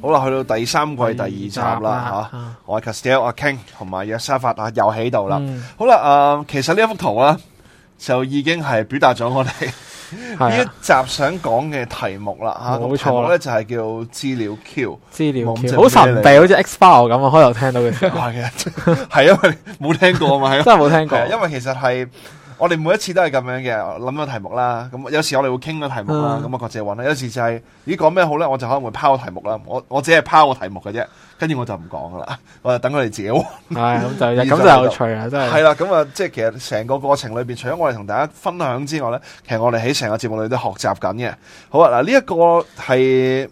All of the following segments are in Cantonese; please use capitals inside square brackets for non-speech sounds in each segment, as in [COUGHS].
好啦，去到第三季第二集啦吓、嗯啊，我係 Castiel 阿 King 同埋約沙法啊，King，又喺度啦。嗯、好啦，誒、呃，其實呢一幅圖啦，就已經係表達咗我哋呢的一集想講嘅題目啦吓。個、啊、錯題咧就係叫資料 Q，資料 Q 好神秘，好似 X File 咁啊。開頭聽到嘅，係 [LAUGHS] [LAUGHS] 因為冇聽過嘛，真係冇聽過，因為， [LAUGHS] 聽過因為其實係。我哋每一次都係咁樣嘅，諗個題目啦。咁、嗯、有時我哋會傾個題目啦。咁啊、嗯，各自揾啦。有時就係、是、咦，講咩好咧？我就可能會拋個題目啦。我我只係拋個題目嘅啫。跟住我就唔講噶啦。我就等佢哋自己揾。係咁、哎嗯、 [LAUGHS] 就咁就有趣啊！真係。係啦，咁啊，即係其實成個過程裏邊，除咗我哋同大家分享之外咧，其實我哋喺成個節目裏都學習緊嘅。好啊，嗱，呢、這、一個係。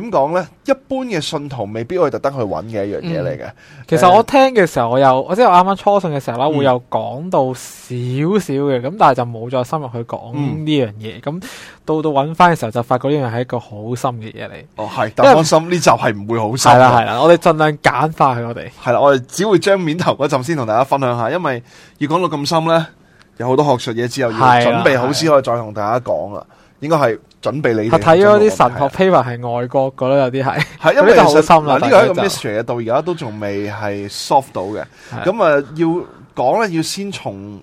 點講呢？一般嘅信徒未必可以特登去揾嘅一樣嘢嚟嘅。嗯嗯、其實我聽嘅時候，我有我即係啱啱初信嘅時候啦，會有講到少少嘅，咁但係就冇再深入去講呢樣嘢。咁、嗯、到到揾翻嘅時候，就發覺呢樣係一個好深嘅嘢嚟。哦，係為但放心呢集係唔會好深。係啦，係啦，我哋盡量簡化佢我哋。係啦，我哋只會將面頭嗰陣先同大家分享下，因為要講到咁深呢，有好多學術嘢之後要準備好先可以再同大家講啊，應該係的。準備你睇咗啲神學 paper 係外國嘅咯，有啲係，的因為，因為就好深啦。呢個係一個 mystery，到而家都仲未係 solve 到嘅。咁啊、呃，要講咧，要先從。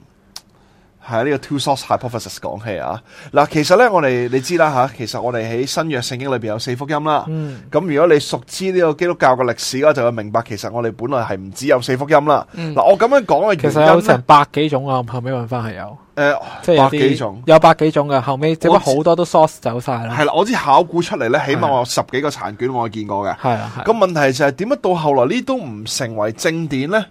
係喺呢個 two source hypothesis 講起啊，嗱，其實咧，我哋你知啦吓、啊，其實我哋喺新約聖經裏邊有四福音啦。咁、嗯、如果你熟知呢個基督教嘅歷史咧，就會明白其實我哋本來係唔只有四福音啦。嗱、嗯啊，我咁樣講嘅原因其實有成百幾種啊，後尾問翻係有誒、呃，百幾種即有，有百幾種嘅，後尾，只不過好多都 source 知走晒啦。係啦，我知考古出嚟咧，起碼有十幾個殘卷我見過嘅。係啊，咁的問題就係點解到後來呢都唔成為正典咧？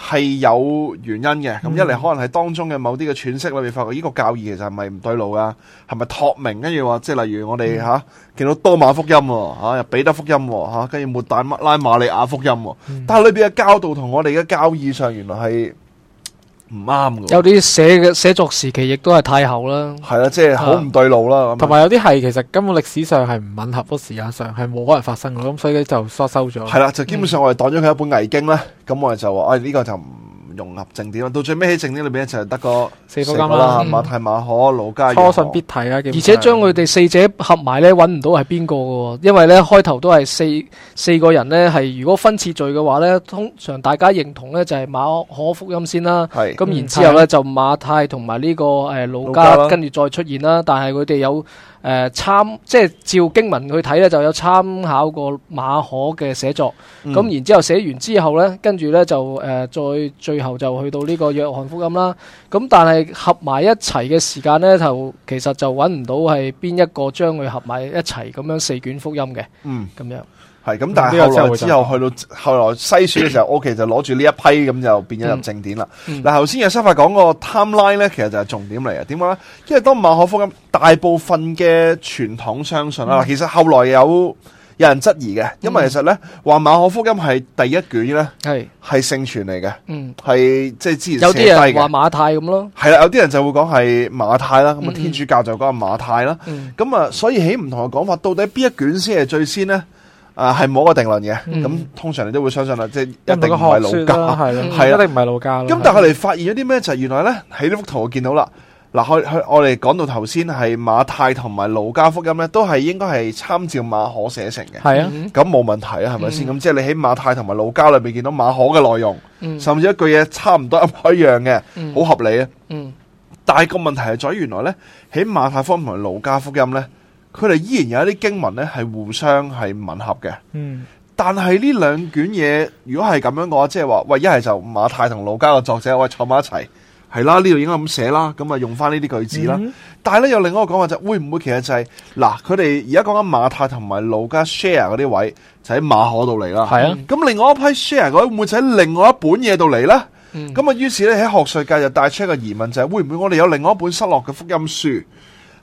係有原因嘅。咁一嚟可能係當中嘅某啲嘅喘息啦，你發覺呢個教義其實係咪唔對路啊？係咪託明？跟住話，即係例如我哋吓、嗯啊、見到多馬福音，吓、啊、又彼得福音，吓跟住抹大拉瑪利亞福音，嗯、但係裏邊嘅教導，同我哋嘅教義上，原來係唔啱嘅，有啲寫嘅寫作時期亦都係太後啦，係啦，即係好唔對路啦。同埋、啊、有啲係其實根本歷史上係唔吻合事實，不時間上係冇可能發生嘅，咁所以就收收咗。係啦，就基本上我哋當咗佢一本偽經啦。咁、嗯、我哋就話，哎呢、這個就唔。融合正典咯，到最尾喺正典裏邊一齊得個四個啦。馬太、馬可、路加，初信必提啊！記唔記得而且將佢哋四者合埋咧，揾唔到係邊個嘅喎。因為咧開頭都係四四個人咧，係如果分次序嘅話咧，通常大家認同咧就係馬可福音先啦。係咁是，然之後咧、嗯、就馬太同埋呢個誒路、呃、加，路加跟住再出現啦。但係佢哋有。誒、呃，參即係照經文去睇咧，就有參考過馬可嘅寫作，咁、嗯、然之後寫完之後咧，跟住呢就誒、呃，再最後就去到呢個約翰福音啦。咁但係合埋一齊嘅時間呢，就其實就揾唔到係邊一個將佢合埋一齊咁樣四卷福音嘅，嗯，咁樣。係咁，但係之後去到後來篩選嘅時候，O K [COUGHS] 就攞住呢一批咁就變咗入正典啦。嗱、嗯，頭先阿生發講個 timeline 咧，tim 其實就係重點嚟嘅。點解咧？因為當馬可福音大部分嘅傳統相信啊，嗯、其實後來有有人質疑嘅，因為其實咧話馬可福音係第一卷咧，係係聖傳嚟嘅，嗯，係即係之前、嗯、有啲人話馬太咁咯，係啦，有啲人就會講係馬太啦，咁啊天主教就講馬太啦，咁啊、嗯，嗯、所以起唔同嘅講法，到底邊一卷先係最先咧？啊，係冇個定論嘅，咁、嗯、通常你都會相信啦，即係一定唔係路加，係啦、嗯，係、嗯啊、一定唔係路加、就是。咁但係我哋發現咗啲咩？就係、是、原來咧，喺呢幅圖我見到啦，嗱、啊啊啊啊，我哋講到頭先係馬太同埋路加福音咧，都係應該係參照馬可寫成嘅，係、嗯、啊、咁、嗯、冇問題啊，係咪先？咁、嗯、即係你喺馬太同埋路加裏邊見到馬可嘅內容，嗯、甚至一句嘢差唔多一樣嘅，好、嗯嗯、合理啊。嗯，但係個問題係在於原來咧，喺馬太福音同埋路加福音咧。佢哋依然有一啲經文咧，係互相係吻合嘅。嗯，但係呢兩卷嘢，如果係咁樣嘅話，即係話喂，一係就馬太同路加嘅作者喂坐埋一齊，係啦，呢度應該咁寫啦，咁啊用翻呢啲句子啦。嗯、哼 但係咧，有另外一個講法，就是，會唔會其實就係、是、嗱，佢哋而家講緊馬太同埋路加 share 嗰啲位，就喺馬可度嚟啦。係、嗯、啊，咁另外一批 share 嗰啲會唔會就喺另外一本嘢度嚟咧？咁啊、嗯，於是咧喺學術界就帶出一個疑問就係、是，會唔會我哋有另外一本失落嘅福音書？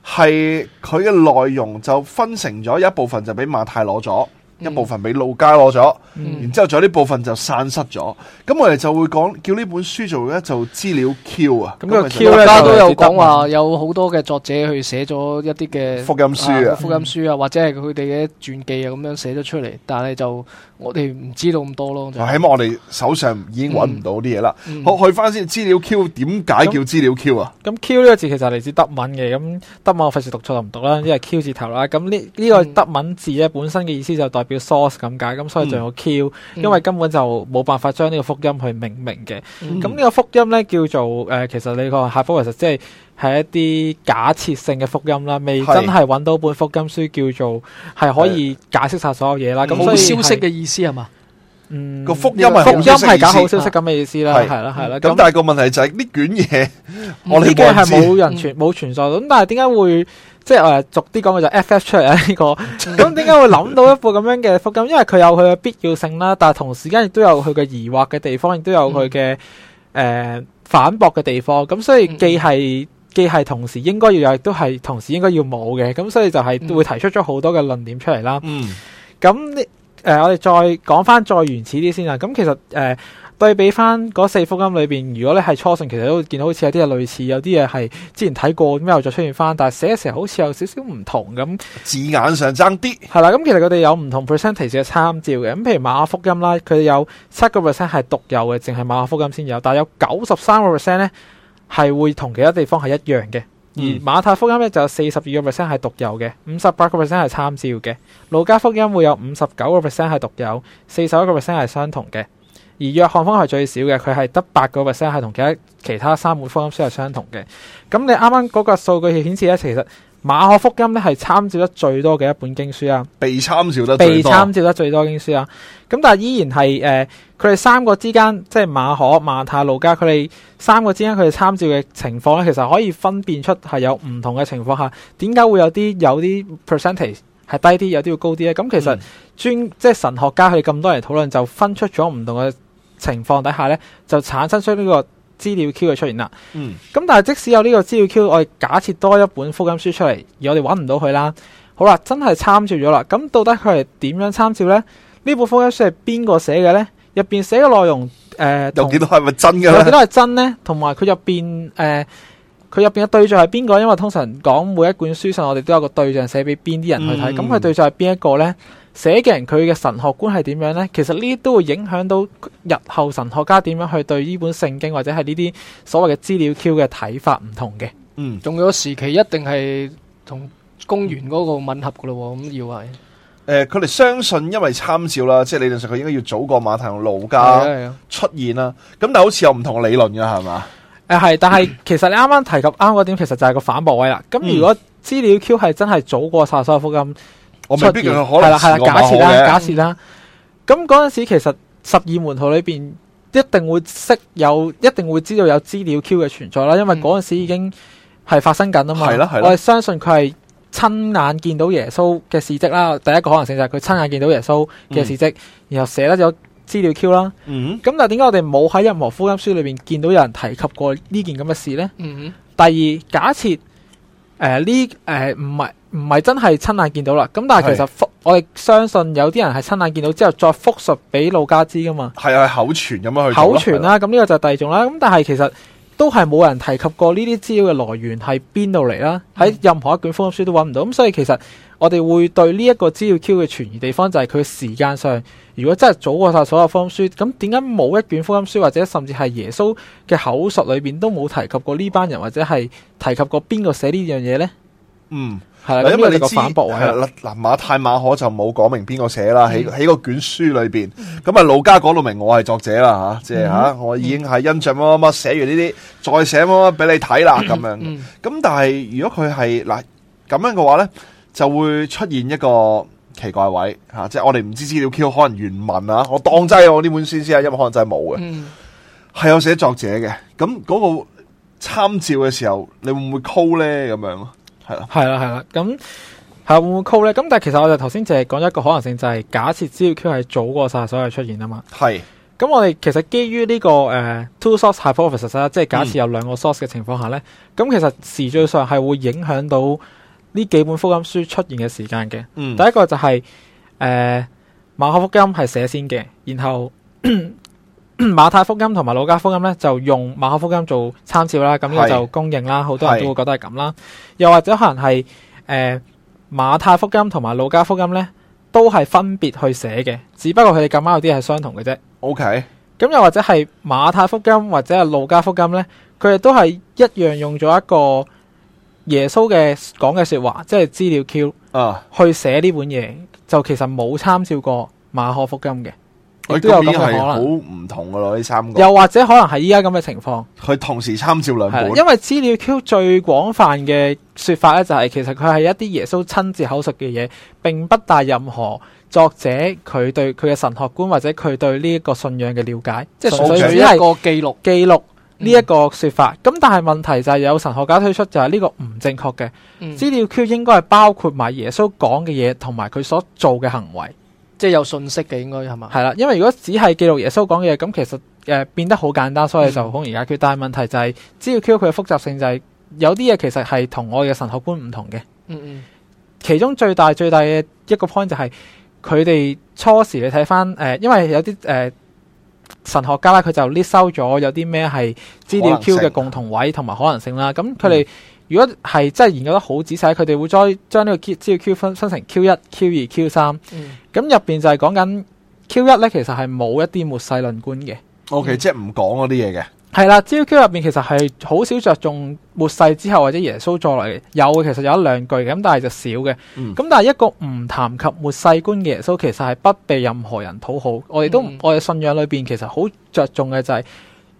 係佢嘅內容就分成咗一部分就俾馬太攞咗，嗯、一部分俾路加攞咗，嗯、然之後仲有呢部分就散失咗。咁、嗯、我哋就會講叫呢本書做一就資料 Q 啊、嗯。咁個 Q 咧，大家都有講話有好多嘅作者去寫咗一啲嘅福音書啊，啊，福音書啊，或者係佢哋嘅傳記啊，咁樣寫咗出嚟，但係就。我哋唔知道咁多咯，起碼我哋手上已經揾唔到啲嘢啦。嗯嗯、好去翻先，資料 Q 點解叫資料 Q、嗯嗯、啊？咁 Q 呢個字其實嚟自德文嘅，咁德文我費事讀錯就唔讀啦，因為 Q 字頭啦。咁呢呢個德文字咧本身嘅意思就代表 source 咁解，咁所以仲有 Q、嗯嗯、因為根本就冇辦法將呢個福音去命名嘅。咁、嗯、呢個福音咧叫做誒、呃，其實你個下福其實即係。係一啲假設性嘅福音啦，未真係揾到本福音書叫做係可以解釋晒所有嘢啦。咁所以消息嘅意思係嘛？嗯，個福音係福音係假好消息咁嘅意思啦，係啦，係啦。咁但係個問題就係呢卷嘢，我呢卷係冇人存冇存在。咁但係點解會即係我係逐啲講嘅就 FF 出嚟呀呢個？咁點解會諗到一部咁樣嘅福音？因為佢有佢嘅必要性啦，但係同時間亦都有佢嘅疑惑嘅地方，亦都有佢嘅誒反駁嘅地方。咁所以既係。既係同時應該要有，亦都係同時應該要冇嘅，咁所以就係會提出咗好多嘅論點出嚟啦。咁你誒，我哋再講翻再原始啲先啦。咁其實誒、呃、對比翻嗰四福音裏邊，如果咧係初信，其實都見到好似有啲嘢類似，有啲嘢係之前睇過，咁又再出現翻，但係寫嘅時候好似有少少唔同咁，字眼上爭啲係啦。咁其實佢哋有唔同 percentages 嘅參照嘅。咁譬如馬可福音啦，佢哋有七個 percent 係獨有嘅，淨係馬可福音先有，但係有九十三個 percent 咧。呢係會同其他地方係一樣嘅，而、嗯、馬太福音咧就有四十二個 percent 係獨有嘅，五十八個 percent 係參照嘅。路加福音會有五十九個 percent 係獨有，四十一個 percent 係相同嘅。而約翰福音係最少嘅，佢係得八個 percent 係同其他其他三本福音書係相同嘅。咁你啱啱嗰個數據顯示咧，其實。馬可福音咧，係參照得最多嘅一本經書啊，被參照得被參照得最多，得最多經書啊，咁但係依然係誒，佢、呃、哋三個之間即係馬可、馬太、路加，佢哋三個之間佢哋參照嘅情況咧，其實可以分辨出係有唔同嘅情況下，點解會有啲有啲 percentage 係低啲，有啲會高啲咧？咁其實、嗯、專即係神學家佢哋咁多人討論，就分出咗唔同嘅情況底下咧，就產生出呢、這個。資料 Q 嘅出現啦，嗯，咁但係即使有呢個資料 Q，我哋假設多一本福音書出嚟，而我哋揾唔到佢啦。好啦，真係參照咗啦。咁到底佢係點樣參照呢？呢本福音書係邊個寫嘅呢？入邊寫嘅內容，誒、呃，有幾多係咪真嘅？有幾多係真呢？同埋佢入邊，誒，佢入邊嘅對象係邊個？因為通常講每一本書上，我哋都有個對象寫俾邊啲人去睇。咁佢、嗯、對象係邊一個呢？寫嘅人佢嘅神學觀係點樣呢？其實呢都會影響到日後神學家點樣去對呢本聖經或者係呢啲所謂嘅資料 Q 嘅睇法唔同嘅。嗯，仲有時期一定係同公元嗰個吻合噶咯、啊，咁要係。佢哋、嗯、相信因為參照啦，即係理論上佢應該要早過馬太同路加出現啦。咁、啊啊、但係好似有唔同嘅理論噶，係嘛？誒、呃、係，但係其實你啱啱提及啱嗰點，其實就係個反駁位啦。咁如果資料 Q 係真係早過撒索福音？嗯我係啦係啦，我的 假設啦假設啦。咁嗰陣時，其實十二門徒裏邊一定會識有，一定會知道有資料 Q 嘅存在啦。因為嗰陣時已經係發生緊啊嘛。係、嗯嗯嗯、我哋相信佢係親眼見到耶穌嘅事迹啦。第一個可能性就係佢親眼見到耶穌嘅事蹟，嗯嗯然後寫得咗資料 Q 啦。咁、嗯嗯、但係點解我哋冇喺任何福音書裏邊見到有人提及過呢件咁嘅事呢？嗯嗯嗯第二假設，誒呢誒唔係。呃呃呃呃唔係真係親眼見到啦，咁但係其實復我哋相信有啲人係親眼見到之後再復述俾老家知噶嘛，係啊，口傳咁樣去口傳啦，咁呢的個就係第二種啦。咁但係其實都係冇人提及過呢啲資料嘅來源係邊度嚟，啦，喺任何一卷福音書都搵唔到。咁所以其實我哋會對呢一個資料 Q 嘅存疑地方就係佢時間上如果真係早過晒所有福音書，咁點解冇一卷福音書或者甚至係耶穌嘅口述裏邊都冇提及過呢班人或者係提及過邊個寫呢樣嘢呢？嗯，係啦，因為你個反駁位，嗱，馬太馬可就冇講明邊個寫啦，喺喺個卷書裏邊，咁啊，路加講到明我係作者啦，吓，即係吓，我已經係印象乜乜寫完呢啲，再寫乜乜俾你睇啦，咁樣。咁但係如果佢係嗱咁樣嘅話咧，就會出現一個奇怪位，吓，即係我哋唔知資料 Q 可能原文啊，我當真我呢本書先啊，因為可能真係冇嘅，係有寫作者嘅。咁嗰個參照嘅時候，你會唔會 call 咧？咁樣？係啦，係啦，咁係會唔會 call 咧？咁但係其實我就頭先淨係講一個可能性，就係、是、假設資料 Q 係早過晒所有所出現啊嘛。係是，咁我哋其實基於呢、這個誒、uh, two source hypothesis 啦，即係假設有兩個 source 嘅情況下咧，咁、嗯、其實時序上係會影響到呢幾本福音書出現嘅時間嘅。嗯、第一個就係誒馬可福音係寫先嘅，然後。 [COUGHS] 馬太福音同埋路加福音咧，就用馬可福音做參照啦，咁呢個就公認啦，好多人都會覺得係咁啦。是是又或者可能係誒、呃、馬太福音同埋路加福音咧，都係分別去寫嘅，只不過佢哋咁啱有啲係相同嘅啫。O K，咁又或者係馬太福音或者係路加福音咧，佢哋都係一樣用咗一個耶穌嘅講嘅說話，即係資料 Q，、uh. 去寫呢本嘢，就其實冇參照過馬可福音嘅。佢都當然係好唔同嘅咯，呢三個又或者可能係依家咁嘅情況，佢同時參照兩本，因為資料 Q 最廣泛嘅説法咧、就是，就係其實佢係一啲耶穌親自口述嘅嘢，並不帶任何作者佢對佢嘅神學觀或者佢對呢一個信仰嘅了解，即係純粹只係一個記錄記錄呢一個説法。咁、嗯、但係問題就係有神學家推出就係呢個唔正確嘅資料 Q 應該係包括埋耶穌講嘅嘢同埋佢所做嘅行為。即係有信息嘅，應該係嘛？係啦，因為如果只係記錄耶穌講嘅嘢，咁其實誒、呃、變得好簡單，所以就好容易解決。嗯、但係問題就係、是、資料 Q 佢嘅複雜性就係、是、有啲嘢其實係同我哋嘅神學觀唔同嘅。嗯嗯，其中最大最大嘅一個 point 就係佢哋初時你睇翻誒，因為有啲誒、呃、神學家啦，佢就 list 咗有啲咩係資料 Q 嘅共同位同埋可能性啦。咁佢哋。如果係真係研究得好仔細，佢哋會再將呢個 Q Q 分、分分成 Q 一、Q 二、Q 三。嗯。咁入邊就係講緊 Q 一呢，其實係冇一啲末世論觀嘅。OK，、嗯、即係唔講嗰啲嘢嘅。係啦，資料 Q 入邊其實係好少着重末世之後或者耶穌再嚟有嘅，其實有一兩句嘅，咁但係就少嘅。嗯。咁但係一個唔談及末世觀嘅耶穌，其實係不被任何人討好。我哋都、嗯、我哋信仰裏邊其實好着重嘅就係、係。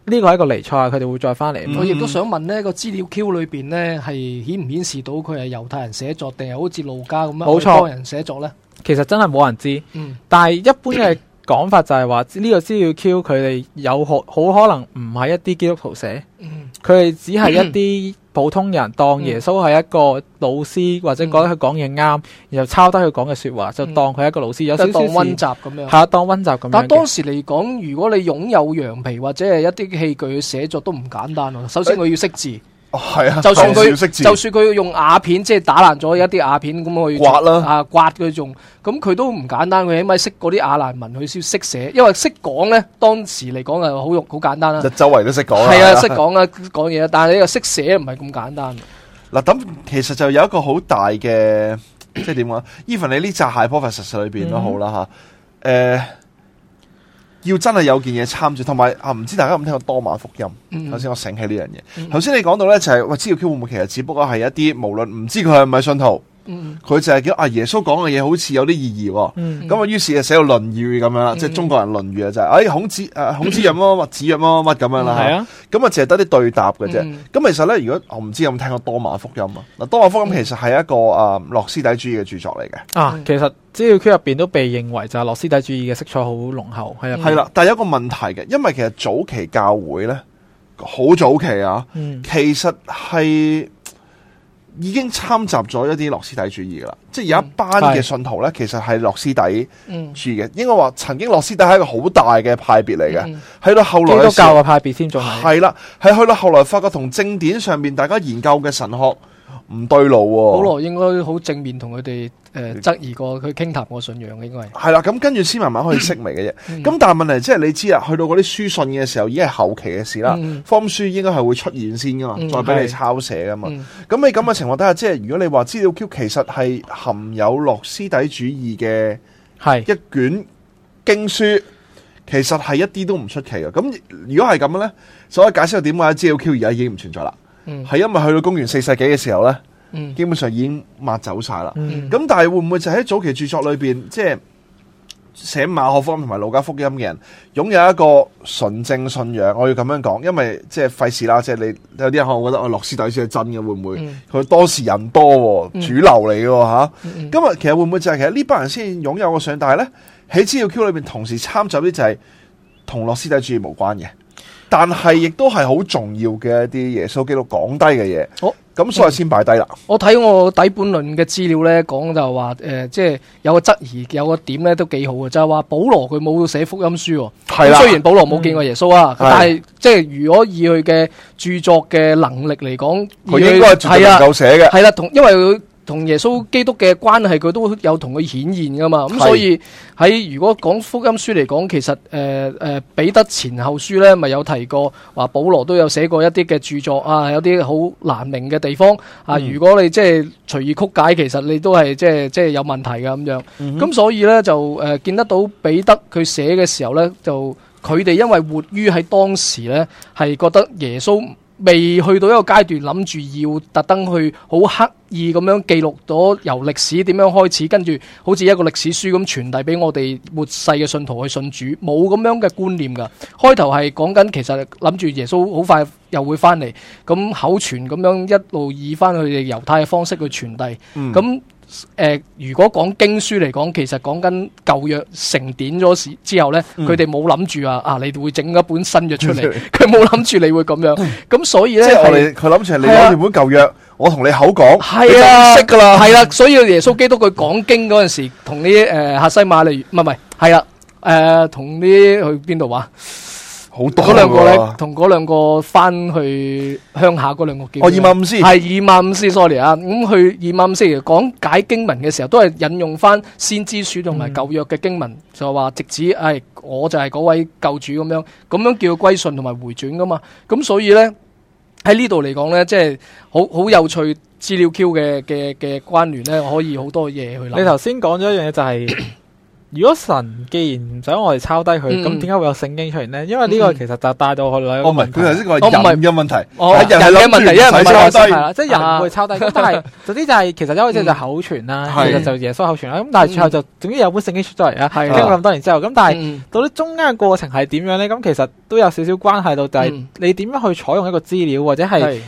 呢個係一個離賽，佢哋會再翻嚟。嗯、我亦都想問呢、呢個資料 Q 裏邊呢，係顯唔顯示到佢係猶太人寫作，定係好似路加咁樣好多錯人寫作呢，其實真係冇人知，嗯、但係一般係。講法就係話呢個資料 Q，佢哋有好好可能唔係一啲基督徒寫，佢哋、嗯、只係一啲普通人當耶穌係一個老師，或者覺得佢講嘢啱，嗯、然後抄低佢講嘅說話，就當佢係一個老師，有少少當溫習咁樣。係啊，當溫習咁樣。但係當時嚟講，如果你擁有羊皮或者係一啲器具，嘅寫作都唔簡單，首先我要識字。係啊， [MUSIC] 就算佢識字，就算佢要用瓦片，即係打爛咗一啲瓦片咁去刮啦吧，啊刮佢仲，咁佢都唔簡單，佢起碼識嗰啲亞蘭文，佢先識寫，因為識講咧，當時嚟講係好用好簡單啦。就周圍都識講，係啊，識講啊，講嘢，但係你又識寫唔係咁簡單。嗱，咁其實就有一個好大嘅，即係點呀？even 你呢扎 high profile 實事裏邊都好啦吓，誒、啊。啊要真係有件嘢參住，同埋啊，唔知大家有冇聽過多馬福音？頭先我醒起呢樣嘢。頭、hmm. 先你講到呢就係、話、喂，資料 Q 會唔會其實只不過係一啲無論唔知佢係咪係信徒。佢就係叫啊耶穌講嘅嘢好似有啲意義，咁啊於是就寫到論語咁樣啦，即係中國人論語啊就係，哎孔子誒孔子曰乜乜子曰乜乜咁樣啦啊，咁啊淨係得啲對答嘅啫。咁其實咧，如果我唔知有冇聽過多馬福音啊，嗱多馬福音其實係一個啊諾斯底主義嘅著作嚟嘅啊，其實資料 Q 入邊都被認為就係諾斯底主義嘅色彩好濃厚係啊，係啦，但係有一個問題嘅，因為其實早期教會咧好早期啊，其實係。已經摻雜咗一啲諾斯底主義噶啦，即係有一班嘅信徒呢，其實係諾斯底主義嘅。應該話曾經諾斯底係一個好大嘅派別嚟嘅，喺、嗯、到後來幾教嘅派別先做。係係啦，係去到後來發覺同正典上面大家研究嘅神學。唔對路喎、啊，保羅 [MUSIC] 應該好正面同佢哋誒質疑過佢傾談我信仰嘅，應該係啦。咁跟住先慢慢可以識嚟嘅啫。咁、嗯、但係問題即係你知啦，去到嗰啲書信嘅時候已經係後期嘅事啦。嗯、方書應該係會出現先噶、嗯、嘛，再俾你抄寫噶嘛。咁喺咁嘅情況底下，即係如果你話資料 Q 其實係含有諾斯底主義嘅，係一卷經書，嗯嗯、其實係一啲都唔出奇嘅。咁如果係咁樣咧，所以，可以解釋點解資料 Q 而家已經唔存在啦。係因為去到公元四世紀嘅時候呢、嗯、基本上已經抹走晒啦。咁、嗯、但係會唔會就喺早期著作裏邊，即係寫馬可福音同埋路加福音嘅人，擁有一個純正信仰？我要咁樣講，因為即係費事啦，即、就、係、是、你有啲人可能覺得我諾斯底主義係真嘅，會唔會佢、嗯、當時人多主流嚟嘅吓？今、啊、日、嗯嗯、其實會唔會就係其實呢班人先擁有個上大呢？喺資料 Q、A、裏邊同時參雜啲就係同諾斯底主義無關嘅。但係亦都係好重要嘅一啲耶穌基督講低嘅嘢，好咁所以先擺低啦。我睇我底本論嘅資料咧，講就話誒，即係有個質疑，有個點咧都幾好嘅，就係話保羅佢冇寫福音書，係啦的。雖然保羅冇見過耶穌啊，嗯、但係即係如果以佢嘅著作嘅能力嚟講，佢應該係絕對夠寫嘅，係啦，同因為佢同耶穌基督嘅關係，佢都有同佢顯現噶嘛？咁是、嗯、所以喺如果講福音書嚟講，其實誒誒彼得前後書咧，咪有提過話，保羅都有寫過一啲嘅著作啊，有啲好難明嘅地方啊。如果你即係隨意曲解，其實你都係即係即係有問題嘅咁樣。咁、嗯哼嗯、所以咧就誒、呃、見得到彼得佢寫嘅時候咧，就佢哋因為活於喺當時咧，係覺得耶穌，未去到一個階段，諗住要特登去好刻意咁樣記錄咗由歷史點樣開始，跟住好似一個歷史書咁傳遞俾我哋末世嘅信徒去信主，冇咁樣嘅觀念噶。開頭係講緊，其實諗住耶穌好快又會翻嚟，咁口傳咁樣一路以翻佢哋猶太嘅方式去傳遞，咁、嗯。誒、呃，如果講經書嚟講其實講緊舊約成典咗事之後咧，佢哋冇諗住啊啊，你會整一本新約出嚟，佢冇諗住你會咁樣，咁 [LAUGHS] 所以咧，即係我哋佢諗住係你攞住本舊約，啊、我同你口講係是啊，識噶啦，係啦，所以耶穌基督佢講經嗰陣時，同啲誒亞西馬利，唔係唔係，係啦、啊，誒同啲去邊度話？嗰兩個咧，同嗰兩個翻去鄉下嗰兩個結。哦，以馬忤斯。係以馬忤斯，sorry 啊，咁去以馬忤斯講解經文嘅時候，都係引用翻先知書同埋舊約嘅經文，就話直指，唉，我就係嗰位救主咁樣，咁樣叫佢歸信同埋回轉噶嘛。咁所以咧，喺呢度嚟講咧，即係好好有趣，資料 Q 嘅嘅嘅關聯咧，可以好多嘢去諗。你頭先講咗一樣嘢就係。如果神既然唔想我哋抄低佢，咁點解會有聖經出現咧？因為呢個其實就帶到我哋，我唔係，其實呢個係人有問題，係、哦、人嘅問題，唔係神即係人會抄低佢。啊、但係總之就係其實一開始就口傳啦，其實就，傳、嗯、其實就耶穌口傳啦。咁但係最後就總之有本聖經出咗嚟啦，經過咁多年之後，咁但係到底中間嘅過程係點樣咧？咁其實都有少少關係到，就係、是、你點樣去採用一個資料或者係。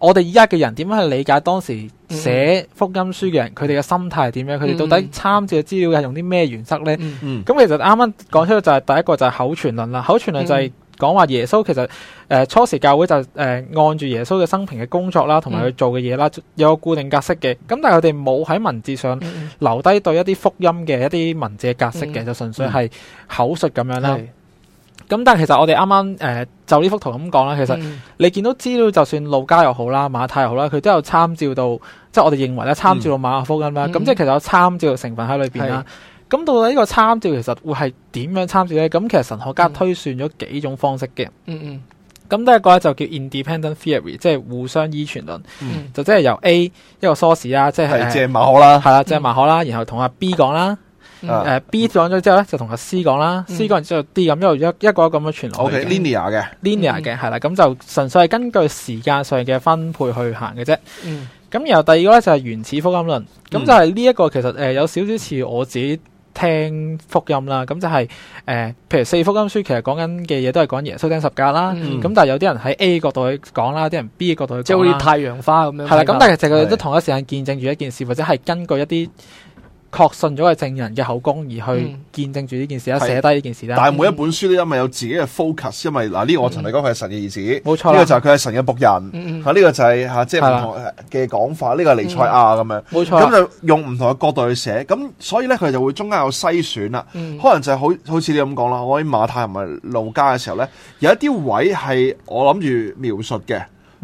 我哋依家嘅人點樣去理解當時寫福音書嘅人佢哋嘅心態係點樣？佢哋到底參照嘅資料係用啲咩原則呢？咁、嗯嗯、其實啱啱講出咗就係第一個就係口傳論啦。口傳論就係講話耶穌其實誒、呃、初時教會就係、係呃、按住耶穌嘅生平嘅工作啦，同埋佢做嘅嘢啦，嗯、有個固定格式嘅。咁但係佢哋冇喺文字上留低對一啲福音嘅一啲文字嘅格式嘅，嗯、就純粹係口述咁樣啦。咁、嗯嗯、但係其實我哋啱啱誒。呃就呢幅圖咁講啦，其實你見到資料，就算路加又好啦，馬太又好啦，佢都有參照到，即係我哋認為咧，參照到馬可福音啦，咁、嗯、即係其實有參照嘅成分喺裏邊啦。咁是到底呢個參照其實會係點樣參照咧？咁其實神學家推算咗幾種方式嘅、嗯。嗯嗯。咁第一個咧就叫 Independent Theory，即係互相依存論，嗯、就即係由 A 一個 source 啦，即係借馬可啦，係啦，即係馬可啦，嗯、然後同阿 B 講啦。誒、嗯、，B 講咗之後咧，就同阿 C 講啦、嗯、，C 講完之後 D 咁一路一一個咁樣傳落去。O K，linear 嘅，linear 嘅，係啦的，咁、嗯、就純粹係根據時間上嘅分配去行嘅啫。嗯，咁然後第二個咧就係、是、原始福音論，咁、嗯、就係呢一個其實誒、呃、有少少似我自己聽福音啦。咁就係、是、誒、呃，譬如四福音書其實講緊嘅嘢都係講耶穌釘十架啦。咁、嗯、但係有啲人喺 A 角度去講啦，有啲人 B 角度去即係好似太陽花咁樣。係啦，咁但係其實佢哋都同一時間見證住一件事，或者係根據一啲。確信咗係證人嘅口供而去見證住呢件事啦，寫低呢件事啦。但係每一本書都因為有自己嘅 focus，因為嗱呢個我陳麗講佢係神嘅兒子，呢個就係佢係神嘅僕人。吓呢個就係吓，即係唔同嘅講法。呢個係尼賽亞咁樣，咁就用唔同嘅角度去寫。咁所以咧，佢就會中間有篩選啦。可能就係好好似你咁講啦。我喺馬太唔係路加嘅時候咧，有一啲位係我諗住描述嘅，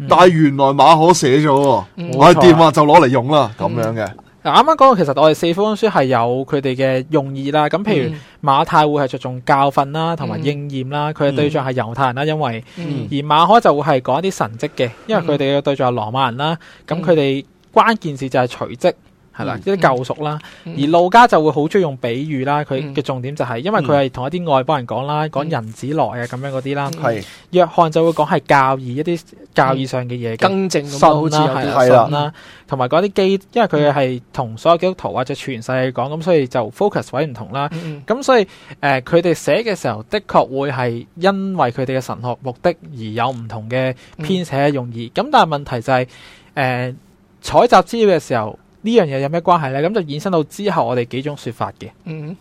但係原來馬可寫咗，我嘅電話就攞嚟用啦，咁樣嘅。啱啱講，其實我哋四福書係有佢哋嘅用意啦。咁譬如馬太會係着重教訓啦，同埋應驗啦。佢嘅對象係猶太人啦，因為、嗯、而馬可就會係講一啲神蹟嘅，因為佢哋嘅對象係羅馬人啦。咁佢哋關鍵字就係隨即。係啦，一啲救贖啦，嗯、而路加就會好中意用比喻啦。佢嘅重點就係，因為佢係同一啲外邦人講啦，講人子來啊，咁樣嗰啲啦。係。約翰就會講係教義一啲教義上嘅嘢，更正咁啦，係啦、嗯，同埋嗰啲基，因為佢係同所有基督徒或者全世界講，咁所以就 focus 位唔同啦。咁、嗯嗯、所以誒，佢、呃、哋寫嘅時候的確會係因為佢哋嘅神學目的而有唔同嘅編寫用意。咁、嗯、但係問題就係、是、誒、採、呃、集資料嘅時候。呢樣嘢有咩關係呢？咁就衍生到之後我哋幾種說法嘅。嗯，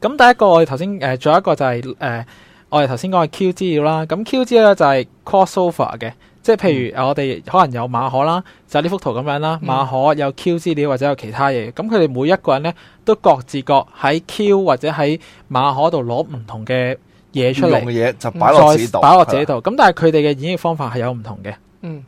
咁第一個我哋頭先誒，仲、呃、有一個就係、是、誒、呃，我哋頭先講嘅 Q 資料啦。咁 Q 資料就係 crossover 嘅，即係譬如我哋可能有馬可啦，就係、是、呢幅圖咁樣啦。嗯、馬可有 Q 資料或者有其他嘢，咁佢哋每一個人呢，都各自各喺 Q 或者喺馬可度攞唔同嘅嘢出嚟。用嘅嘢就擺落擺落自己度。咁但係佢哋嘅演繹方法係有唔同嘅。嗯。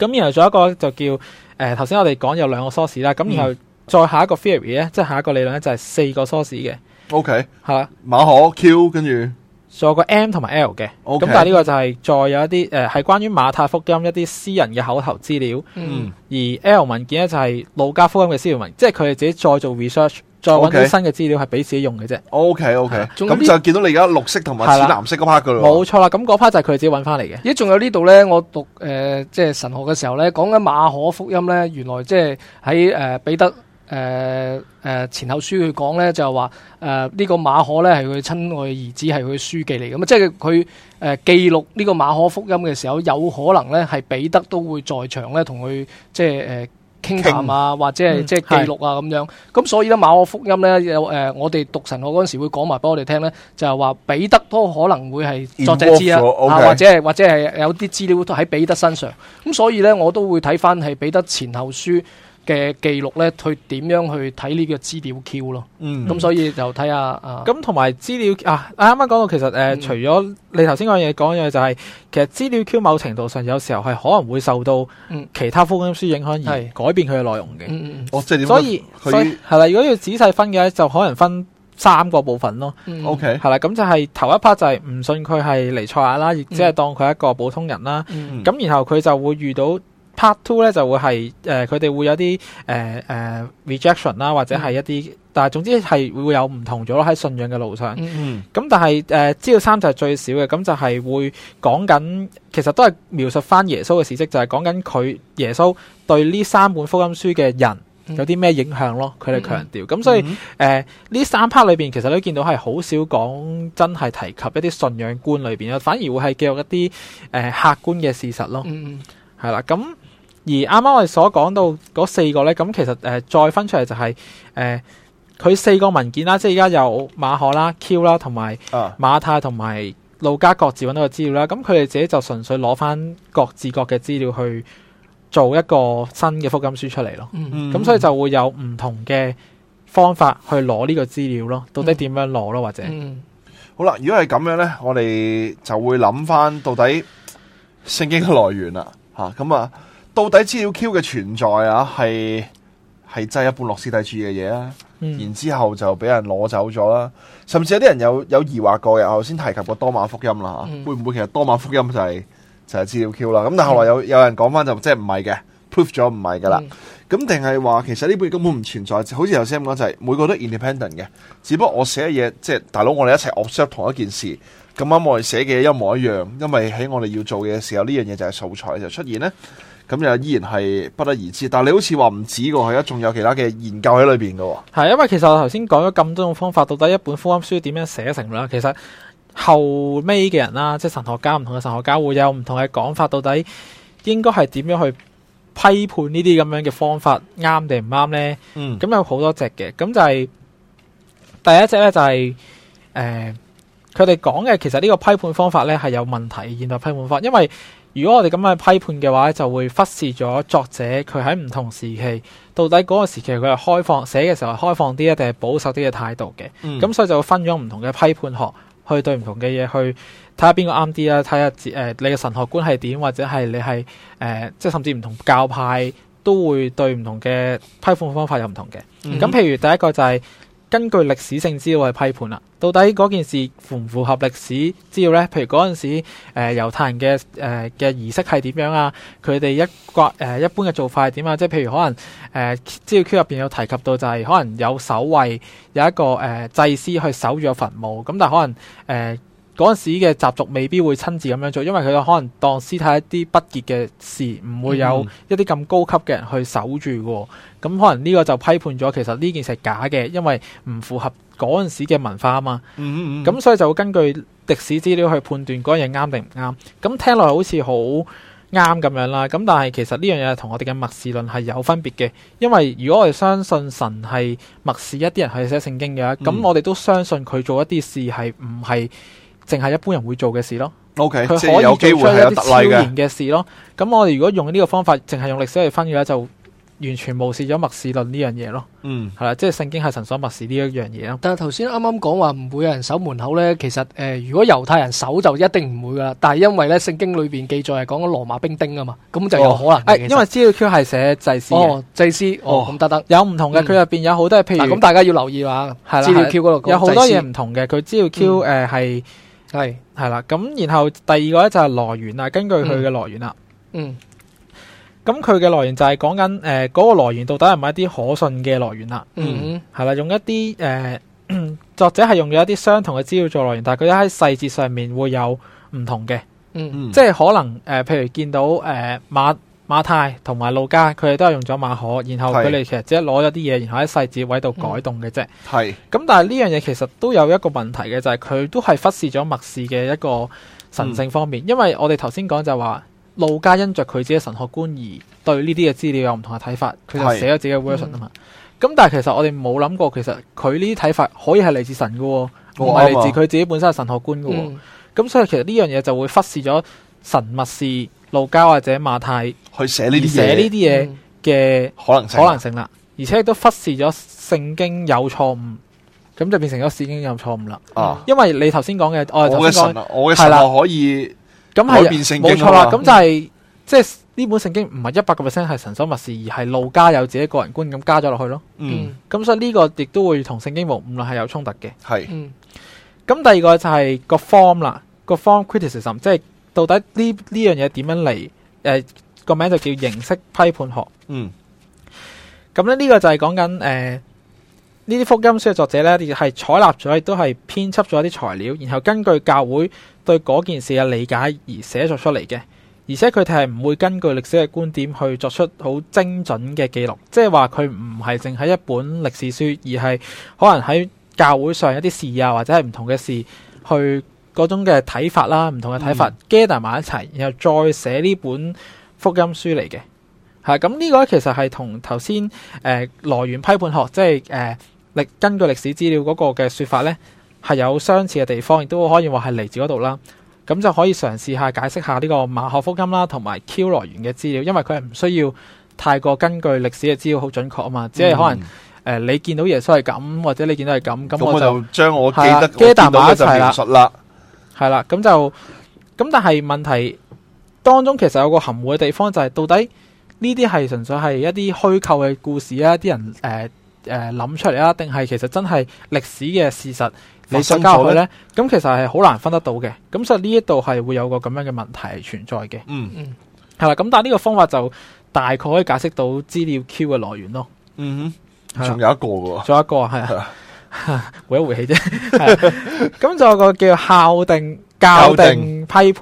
咁然後仲有一個就叫誒頭先我哋講有兩個 source 啦，咁然後再下一個 theory 咧，即係下一個理論咧，就係四個 source 嘅。OK，係啦，馬可 Q 跟住。仲有個 M 同埋 L 嘅，咁 Okay, 但係呢個就係再有一啲，誒、呃、係關於馬太福音一啲私人嘅口頭資料，嗯，而 L 文件咧就係路加福音嘅私人文，即係佢哋自己再做 research，再揾啲新嘅資料係俾自己用嘅啫。OK OK，咁是就見到你而家綠色同埋淺藍色嗰 part 噶啦，冇錯啦，咁嗰 part 就係佢哋自己揾翻嚟嘅。咦，仲有呢度咧，我讀誒、呃、即係神學嘅時候咧，講緊馬可福音咧，原來即係喺誒彼得。呃誒誒、呃呃，前後書佢講咧就係話，誒、呃、呢、這個馬可咧係佢親愛兒子，係佢書記嚟嘅，咁即係佢誒記錄呢個馬可福音嘅時候，有可能咧係彼得都會在場咧同佢即係誒傾談啊，或者係、嗯、即係記錄啊咁是樣。咁所以咧馬可福音咧有誒，我哋讀神學嗰陣時會講埋俾我哋聽咧，就係話彼得都可能會係作者之一、okay. 啊，或者係或者係有啲資料都喺彼得身上。咁所以咧我都會睇翻係彼得前後書。嘅記錄咧，佢點樣去睇呢個資料 Q 咯？嗯，咁所以就睇下、呃、啊。咁同埋資料啊，啱啱講到其實誒，呃嗯、除咗你頭先講嘢，講嘢就係、是、其實資料 Q 某程度上有時候係可能會受到其他福音書影響而改變佢嘅內容嘅、嗯。嗯嗯嗯。所以所以係啦。如果要仔細分嘅咧，就可能分三個部分咯。O K、嗯。係啦，咁就係頭一 part 就係唔信佢係彌賽亞啦，亦即係當佢係一個普通人啦。咁然後佢就會遇到。part two 咧就會係誒佢哋會有啲誒誒 rejection 啦，呃呃、rejection，或者係一啲，嗯、但係總之係會有唔同咗咯喺信仰嘅路上，咁、嗯、但係誒，資、呃、料三就係最少嘅，咁就係會講緊，其實都係描述翻耶穌嘅事蹟，就係、是、講緊佢耶穌對呢三本福音書嘅人有啲咩影響咯。佢哋、嗯、強調。咁、嗯、所以誒呢、呃、三 part 裏邊，其實都見到係好少講真係提及一啲信仰觀裏邊，反而會係記錄一啲誒客觀嘅事實咯。係啦，咁。而啱啱我哋所講到嗰四個呢，咁其實誒、呃、再分出嚟就係誒佢四個文件啦，即係而家有馬可啦、Q 啦，同埋馬太同埋路加各自揾到嘅資料啦。咁佢哋自己就純粹攞翻各自各嘅資料去做一個新嘅福音書出嚟咯。咁、嗯、所以就會有唔同嘅方法去攞呢個資料咯。到底點樣攞咯？嗯、或者、嗯，好啦，如果係咁樣呢，我哋就會諗翻到底聖經嘅來源啦。吓咁啊！到底資料 Q 嘅存在啊，係係真係一本落史蒂柱嘅嘢啦，嗯、然之後就俾人攞走咗啦。甚至有啲人有有疑惑過嘅，我頭先提及過多馬福音啦、啊、吓，嗯、會唔會其實多馬福音就係、是、就係、是、資料 Q 啦？咁但係後來有、嗯、有人講翻就即係唔係嘅 proof 咗唔係噶啦，咁定係話其實呢本根本唔存在，好似頭先咁講就係、是、每個都 independent 嘅，只不過我寫嘅嘢即係大佬我哋一齊 observe 同一件事咁啱我哋寫嘅一模一樣，因為喺我哋要做嘅時候呢樣嘢就係素材就出現呢。咁又依然係不得而知，但係你好似話唔止喎，係一仲有其他嘅研究喺裏邊嘅喎。係因為其實我頭先講咗咁多種方法，到底一本福音書點樣寫成啦？其實後尾嘅人啦，即係神學家唔同嘅神學家會有唔同嘅講法，到底應該係點樣去批判呢啲咁樣嘅方法啱定唔啱呢？嗯，咁有好多隻嘅，咁就係、是、第一隻呢，就係誒佢哋講嘅其實呢個批判方法呢，係有問題，現代批判法，因為如果我哋咁樣批判嘅話，就會忽視咗作者佢喺唔同時期到底嗰個時期佢係開放寫嘅時候係開放啲啊，定係保守啲嘅態度嘅。咁、嗯、所以就會分咗唔同嘅批判學去對唔同嘅嘢去睇下邊個啱啲啦，睇下誒你嘅神學觀係點，或者係你係誒、呃、即係甚至唔同教派都會對唔同嘅批判方法有唔同嘅。咁、嗯、譬如第一個就係、是。根據歷史性資料去批判啦，到底嗰件事符唔符合歷史資料呢？譬如嗰陣時，誒、呃、猶太人嘅誒嘅儀式係點樣啊？佢哋一國誒、呃、一般嘅做法係點啊？即係譬如可能誒、呃、資料 Q 入邊有提及到、就是，就係可能有守衛，有一個誒、呃、祭司去守住個墳墓。咁但係可能誒嗰陣時嘅習俗未必會親自咁樣做，因為佢有可能當屍體一啲不潔嘅事，唔會有一啲咁高級嘅人去守住嘅。嗯咁可能呢個就批判咗，其實呢件事係假嘅，因為唔符合嗰陣時嘅文化啊嘛。咁、嗯嗯、所以就會根據歷史資料去判斷嗰樣嘢啱定唔啱。咁聽落好似好啱咁樣啦。咁但係其實呢樣嘢同我哋嘅默示論係有分別嘅。因為如果我哋相信神係默示一啲人係寫聖經嘅，咁、嗯、我哋都相信佢做一啲事係唔係淨係一般人會做嘅事咯。O Okay , K，即係有機會有特例嘅事咯。咁我哋如果用呢個方法，淨係用歷史嚟分嘅話，就。完全無視咗默示論呢樣嘢咯，嗯，係啦，即係聖經係神所默示呢一樣嘢咯。但係頭先啱啱講話唔會有人守門口咧，其實誒，如果猶太人守就一定唔會噶啦，但係因為咧聖經裏邊記載係講咗羅馬兵丁啊嘛，咁就有可能。誒，因為資料 Q 係寫祭司祭司，哦，得得，有唔同嘅，佢入邊有好多譬如，咁大家要留意下，資料 Q 嗰度有好多嘢唔同嘅，佢資料 Q 誒係係係啦，咁然後第二個咧就係來源啦，根據佢嘅來源啦，嗯。咁佢嘅來源就係講緊誒嗰個來源到底係咪一啲可信嘅來源啦，係啦、嗯，用一啲誒、呃、作者係用咗一啲相同嘅資料做來源，但係佢喺細節上面會有唔同嘅，嗯嗯，即係可能誒、呃，譬如見到誒、呃、馬馬太同埋路加，佢哋都係用咗馬可，然後佢哋其實只係攞咗啲嘢，然後喺細節位度改動嘅啫，係、嗯。咁、嗯、但係呢樣嘢其實都有一個問題嘅，就係、是、佢都係忽視咗默示嘅一個神聖方面，嗯、因為我哋頭先講就話、是。路加因着佢自己神學觀而對呢啲嘅資料有唔同嘅睇法，佢就寫咗自己嘅 version 啊嘛。咁、嗯、但係其實我哋冇諗過，其實佢呢啲睇法可以係嚟自神嘅，唔係嚟自佢自己本身嘅神學觀嘅。咁、嗯、所以其實呢樣嘢就會忽視咗神密士路加或者馬太去寫呢啲寫呢啲嘢嘅可能性，可能性啦。而且亦都忽視咗聖經有錯誤，咁就變成咗聖經有錯誤啦。啊、因為你頭先講嘅我嘅神，我嘅神係啦，可以。咁係冇錯啦，咁、嗯、就係、是、即係呢本聖經唔係一百個 percent 係神所默示，而係路加有自己個人觀念咁加咗落去咯。嗯，咁所以呢個亦都會同聖經無誤論係有衝突嘅。係，嗯，咁第二個就係個 form 啦，個 form criticism，即係到底呢呢樣嘢點樣嚟？誒、呃，個名就叫形式批判學。嗯，咁咧呢個就係講緊誒呢啲福音書嘅作者咧，亦係採納咗，亦都係編輯咗一啲材料，然後根據教會。對嗰件事嘅理解而寫作出嚟嘅，而且佢哋係唔會根據歷史嘅觀點去作出好精準嘅記錄，即係話佢唔係淨係一本歷史書，而係可能喺教會上一啲事啊，或者係唔同嘅事去，去嗰種嘅睇法啦，唔同嘅睇法 gather 埋一齊，然後再寫呢本福音書嚟嘅。係咁呢個其實係同頭先誒來源批判學，即係誒、呃、歷根據歷史資料嗰個嘅說法咧。係有相似嘅地方，亦都可以話係嚟自嗰度啦。咁就可以嘗試下解釋下呢個馬可福音啦，同埋 Q 來源嘅資料，因為佢係唔需要太過根據歷史嘅資料好準確啊嘛。只係可能誒，你見到耶穌係咁，或者你見到係咁，咁、嗯、我就將我，我記得 gather 埋一齊啦。係啦，咁、啊、就咁，但係問題當中其實有個含糊嘅地方，就是，就係到底呢啲係純粹係一啲虛構嘅故事啊？啲人誒誒諗出嚟啊，定係其實真係歷史嘅事實？你想教佢咧？咁其實係好難分得到嘅。咁所以呢一度係會有個咁樣嘅問題存在嘅。嗯嗯，係啦。咁但係呢個方法就大概可以解釋到資料 Q 嘅來源咯。嗯哼，仲的有一個噶？仲有一個係啊，的 [LAUGHS] 回一回氣啫。咁 [LAUGHS] 就有個叫校定、校定，校正校定批判學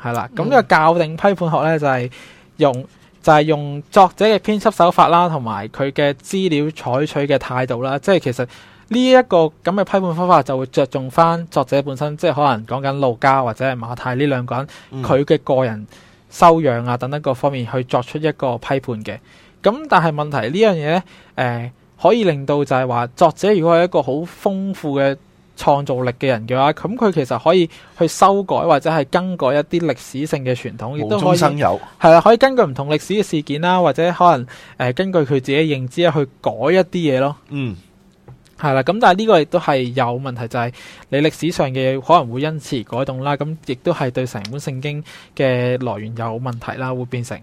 係啦。咁呢個校定批判學咧，就係用就係用作者嘅編輯手法啦，同埋佢嘅資料採取嘅態度啦。即係其實。呢一個咁嘅批判方法就會着重翻作者本身，即係可能講緊路加或者係馬太呢兩個人佢嘅、嗯、個人修養啊等等各方面去作出一個批判嘅。咁但係問題呢樣嘢咧，誒、呃、可以令到就係話作者如果係一個好豐富嘅創造力嘅人嘅話，咁佢其實可以去修改或者係更改一啲歷史性嘅傳統，亦都可以係啦，可以根據唔同歷史嘅事件啦，或者可能誒、呃、根據佢自己認知啊去改一啲嘢咯。嗯。係啦，咁但係呢個亦都係有問題，就係、是、你歷史上嘅可能會因此而改動啦。咁亦都係對成本聖經嘅來源有問題啦，會變成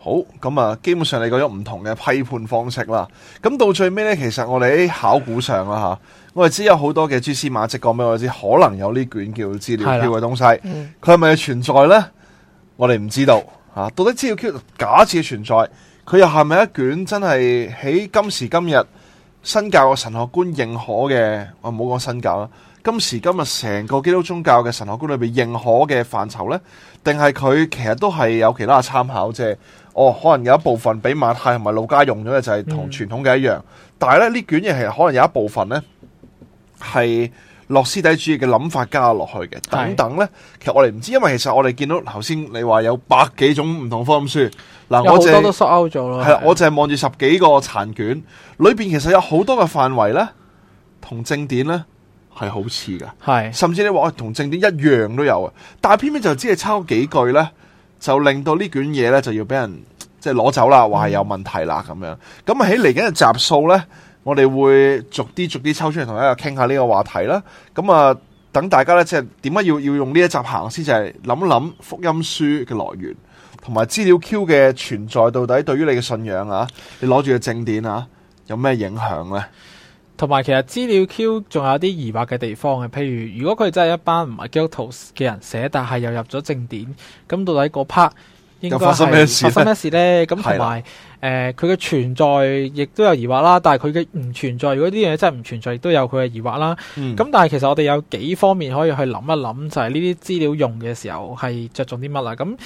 好咁啊。基本上你嗰種唔同嘅批判方式啦，咁到最尾呢，其實我哋喺考古上啦吓、啊，我哋知有好多嘅蛛絲馬跡，講俾我哋知，可能有呢卷叫資料 Q 嘅東西，佢係咪存在呢？我哋唔知道吓、啊，到底資料 Q 假設存在，佢又係咪一卷真係喺今時今日新教嘅神學觀認可嘅，我唔好講新教啦。今時今日成個基督宗教嘅神學觀裏邊認可嘅範疇呢，定係佢其實都係有其他嘅參考啫。哦，可能有一部分俾馬太同埋路加用咗嘅就係同傳統嘅一樣，嗯、但係咧呢卷嘢其實可能有一部分呢係。諾斯底主義嘅諗法加落去嘅，等等呢，其實我哋唔知，因為其實我哋見到頭先你話有百幾種唔同科目書，嗱，很我淨係望住十幾個殘卷，裏邊其實有好多嘅範圍呢，同正典呢，係好似嘅，係，是的 甚至你話我同正典一樣都有，但係偏偏就只係抄幾句呢，就令到卷呢卷嘢呢就要俾人即係攞走啦，話係有問題啦咁、嗯、樣，咁喺嚟緊嘅集數呢。我哋會逐啲逐啲抽出嚟，同大家傾下呢個話題啦。咁 [NOISE] 啊，等大家呢，即係點解要要用呢一集行先？就係諗一諗福音書嘅來源，同埋資料 Q 嘅存在到底對於你嘅信仰啊？你攞住嘅正典啊，有咩影響呢？同埋，其實資料 Q 仲有啲疑惑嘅地方嘅，譬如如果佢真係一班唔係基督徒嘅人寫，但係又入咗正典，咁到底嗰 part？發生咩事？發生咩事咧？咁同埋，誒的，佢嘅、呃、存在亦都有疑惑啦。但係佢嘅唔存在，如果呢樣嘢真係唔存在，亦都有佢嘅疑惑啦。咁、嗯、但係其實我哋有幾方面可以去諗一諗，就係呢啲資料用嘅時候係着重啲乜啦？咁。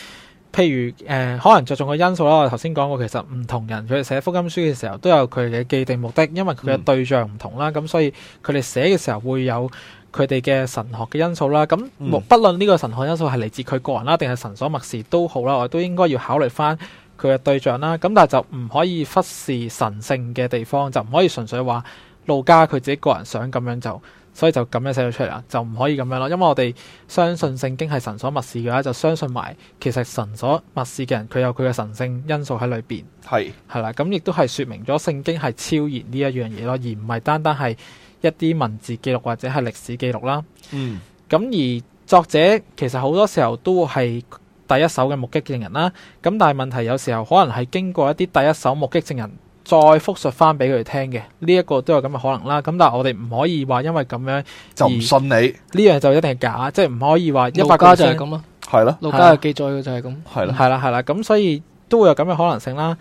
譬如誒、呃，可能着重嘅因素啦。我頭先講過，其實唔同人佢哋寫福音書嘅時候都有佢嘅既定目的，因為佢嘅對象唔同啦，咁、嗯、所以佢哋寫嘅時候會有佢哋嘅神學嘅因素啦。咁不論呢個神學因素係嚟自佢個人啦，定係神所默示都好啦，我都應該要考慮翻佢嘅對象啦。咁但係就唔可以忽視神聖嘅地方，就唔可以純粹話路加佢自己個人想咁樣就。所以就咁樣寫咗出嚟，啦，就唔可以咁樣咯，因為我哋相信聖經係神所默示嘅話，就相信埋其實神所默示嘅人佢有佢嘅神聖因素喺裏邊，係係啦，咁亦都係說明咗聖經係超然呢一樣嘢咯，而唔係單單係一啲文字記錄或者係歷史記錄啦。嗯，咁而作者其實好多時候都係第一手嘅目擊證人啦，咁但係問題有時候可能係經過一啲第一手目擊證人。再複述翻俾佢哋聽嘅，呢一個都有咁嘅可能啦。咁但係我哋唔可以話因為咁樣就唔信你，呢樣就一定係假，即係唔可以話。路加就係咁咯，係咯的。路加記載嘅就係咁，係啦的，係啦的，係啦。咁所以都會有咁嘅可能性啦。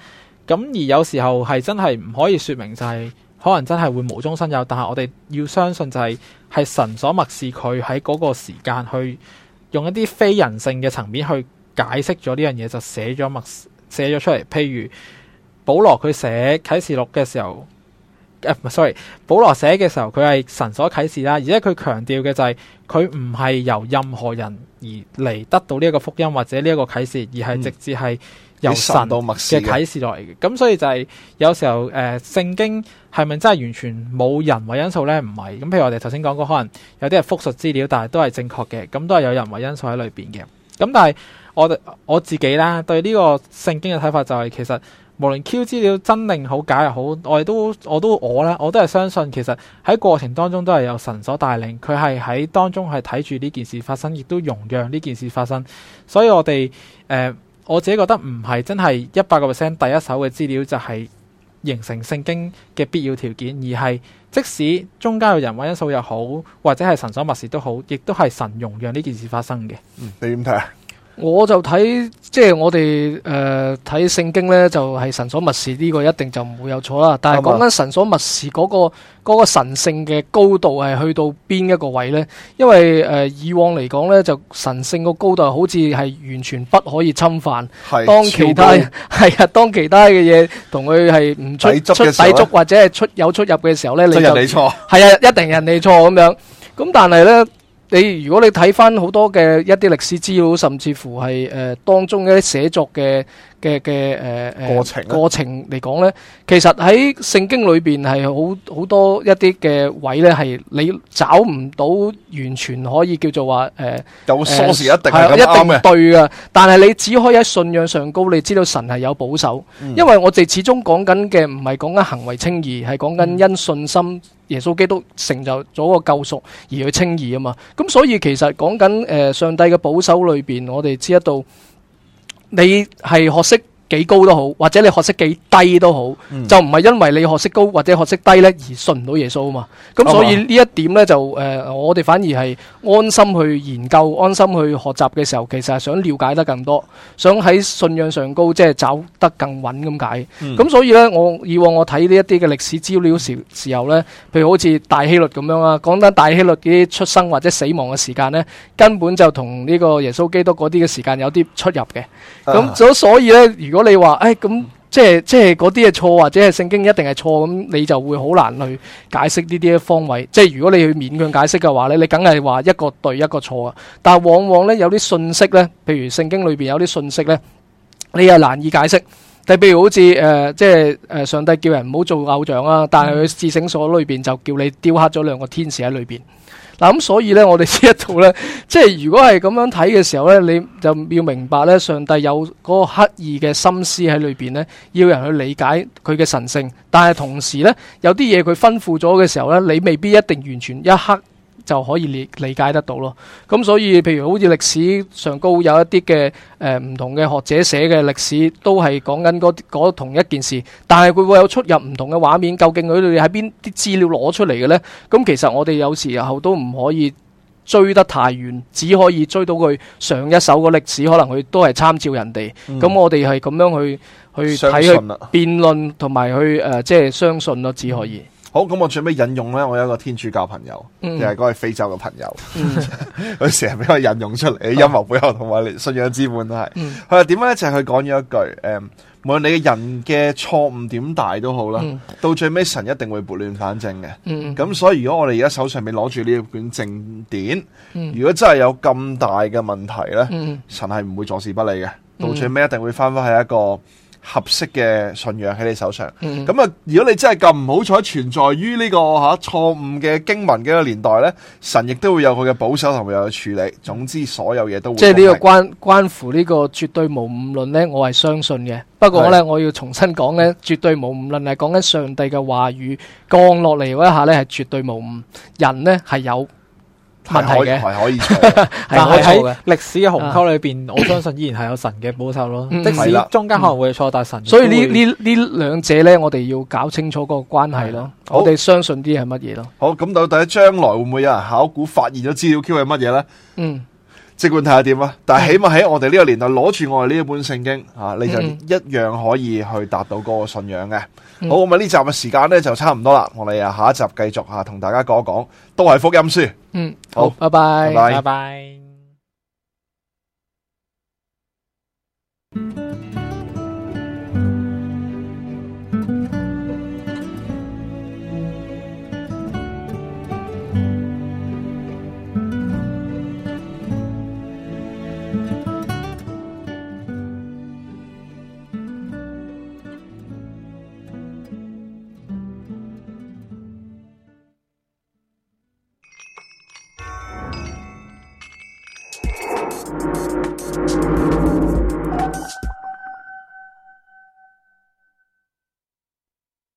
咁而有時候係真係唔可以說明，就係可能真係會無中生有。但係我哋要相信就係係神所默示佢喺嗰個時間去用一啲非人性嘅層面去解釋咗呢樣嘢，就寫咗默寫咗出嚟，譬如。保羅佢寫啟示錄嘅時候、啊、，唔係，sorry，保羅寫嘅時候佢係神所啟示啦，而且佢強調嘅就係佢唔係由任何人而嚟，得到呢一個福音或者呢一個啟示，而係直接係由神嘅啟示落嚟嘅。咁所以就係有時候誒、呃，聖經係咪真係完全冇人為因素咧？唔係咁，譬如我哋頭先講過，可能有啲係複述資料，但係都係正確嘅，咁都係有人為因素喺裏邊嘅。咁但係我我我自己啦，對呢個聖經嘅睇法就係、是、其實。無論 Q 資料真定好假又好，我哋都我都我咧，我都係相信，其實喺過程當中都係由神所帶領，佢係喺當中係睇住呢件事發生，亦都容讓呢件事發生。所以我哋誒、呃，我自己覺得唔係真係一百個 percent 第一手嘅資料就係形成聖經嘅必要條件，而係即使中間有人為因素又好，或者係神所默示都好，亦都係神容讓呢件事發生嘅。嗯，你點睇啊？我就睇，即係我哋誒睇聖經咧，就係神所默示呢個一定就唔會有錯啦。但係講緊神所默示嗰個嗰個神聖嘅高度係去到邊一個位咧？因為誒以往嚟講咧，就神聖個高度好似係完全不可以侵犯。係當其他係啊，當其他嘅嘢同佢係唔出出抵觸或者係出有出入嘅時候咧，你就係啊，一定人哋錯咁樣。咁但係咧。你如果你睇翻好多嘅一啲歷史資料，甚至乎係誒、呃、當中嘅一啲寫作嘅嘅嘅誒過程，過程嚟講咧，其實喺聖經裏邊係好好多一啲嘅位咧，係你找唔到，完全可以叫做話誒、呃、有疏時一定係一定嘅，對嘅。但係你只可以喺信仰上高，你知道神係有保守，嗯、因為我哋始終講緊嘅唔係講緊行為稱義，係講緊因信心耶穌基督成就咗個救贖而去稱義啊嘛。咁所以其實講緊誒上帝嘅保守裏邊，我哋知一道。你係學識。幾高都好，或者你學識幾低都好，嗯、就唔係因為你學識高或者學識低呢，而信唔到耶穌啊嘛。咁、嗯、所以呢一點呢，就誒、呃，我哋反而係安心去研究，安心去學習嘅時候，其實係想了解得更多，想喺信仰上高，即係走得更穩咁解。咁、嗯、所以呢，我以往我睇呢一啲嘅歷史資料時時候呢，譬如好似大希律咁樣啊，講緊大希律啲出生或者死亡嘅時間呢，根本就同呢個耶穌基督嗰啲嘅時間有啲出入嘅。咁所所以呢，如果如果你話誒，咁即係即係嗰啲係錯，或者係聖經一定係錯，咁，你就會好難去解釋呢啲嘅方位。即係如果你去勉強解釋嘅話咧，你梗係話一個對一個錯啊。但係往往咧，有啲信息咧，譬如聖經裏邊有啲信息咧，你又難以解釋。但譬如好似誒、呃，即係誒，上帝叫人唔好做偶像啊，但係喺至聖所裏邊就叫你雕刻咗兩個天使喺裏邊。嗱咁，所以咧，我哋呢一套咧，即係如果係咁樣睇嘅時候咧，你就要明白咧，上帝有嗰個刻意嘅心思喺裏邊咧，要人去理解佢嘅神性，但係同時咧，有啲嘢佢吩咐咗嘅時候咧，你未必一定完全一刻。就可以理理解得到咯。咁所以，譬如好似歷史上高有一啲嘅，誒唔同嘅學者寫嘅歷史，都係講緊嗰嗰同一件事，但係佢會，會有出入唔同嘅畫面。究竟佢哋喺邊啲資料攞出嚟嘅咧？咁其實我哋有時候都唔可以追得太遠，只可以追到佢上一手個歷史，可能佢都係參照人哋。咁、嗯、我哋係咁樣去去睇辯論同埋去誒即係相信咯、呃就是，只可以。好，咁我最尾引用咧，我有一個天主教朋友，嗯、又係嗰個非洲嘅朋友，佢成日俾我引用出嚟。陰謀背後同埋信仰之本都係，佢話點樣咧，就係佢講咗一句，誒、呃，無論你嘅人嘅錯誤點大都好啦，嗯、到最尾神一定會撥亂反正嘅。咁、嗯、所以如果我哋而家手上面攞住呢一本正典，嗯、如果真係有咁大嘅問題咧，嗯、神係唔會坐視不理嘅，到最尾一定會翻翻去一個合適嘅信仰喺你手上，咁啊，如果你真係咁唔好彩存在於呢個吓錯誤嘅經文嘅一個年代咧，神亦都會有佢嘅保守同埋有嘅處理。總之所有嘢都會即係呢個關關乎呢個絕對無誤論咧，我係相信嘅。不過咧，是的 我要重新講咧，絕對無誤論係講緊上帝嘅話語降落嚟，嗰一下咧，係絕對無誤。人呢，係有。問題嘅係可以，可以， [LAUGHS] 可以但係喺歷史嘅鴻溝裏邊， [COUGHS] 我相信依然係有神嘅保守咯。即使 [COUGHS] 中間可能會錯， [COUGHS] 但神。所以兩者呢呢呢兩者咧，我哋要搞清楚嗰個關係咯。的我哋相信啲係乜嘢咯。好，好，咁到底將來會唔會有人考古發現咗資料 Q 係乜嘢咧？嗯。即管睇下點啊！但係起碼喺我哋呢個年代攞住我哋呢一本聖經，吓、啊、你就一樣可以去達到嗰個信仰嘅。好，咁啊、嗯、呢集嘅時間咧就差唔多啦，我哋啊下一集繼續吓同、啊、大家講講，都係福音書。嗯，好，好，拜拜，拜拜。拜拜，拜拜。